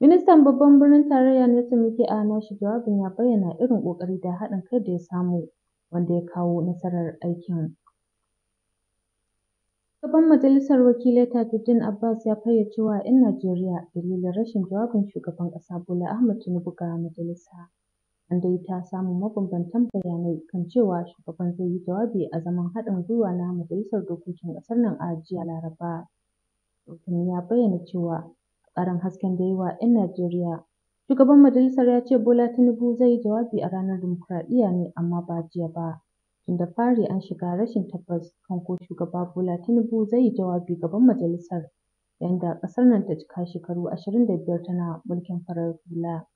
Ministan Babban Birnin Tarayya Nelson Muke a nashi jawabin ya bayyana irin ƙoƙari da haɗin kai da ya samu wanda ya kawo nasarar aikin. Shugaban Majalisar Wakilai Tajuddin Abbas ya fayyace wa ‘yan Najeriya dalilin rashin jawabin Shugaban ƙasa Bola Ahmed Tinubu ga majalisa, an dai ta samu mabambantan bayanai kan cewa shugaban zai yi jawabi a zaman haɗin gwiwa na Majalisar Dokokin ƙasar nan a jiya Laraba. Rahotanni ya bayyana cewa Ƙarin hasken da yawa ‘yan Najeriya Shugaban majalisar ya ce Bola Tinubu zai yi jawabi a ranar dimukuraɗiyya ne amma ba jiya ba. Tun da fari an shiga rashin tabbas kan ko shugaba Bola Tinubu zai yi jawabi gaban majalisar yayin ƙasar nan ta cika shekaru 25 tana mulkin farar hula.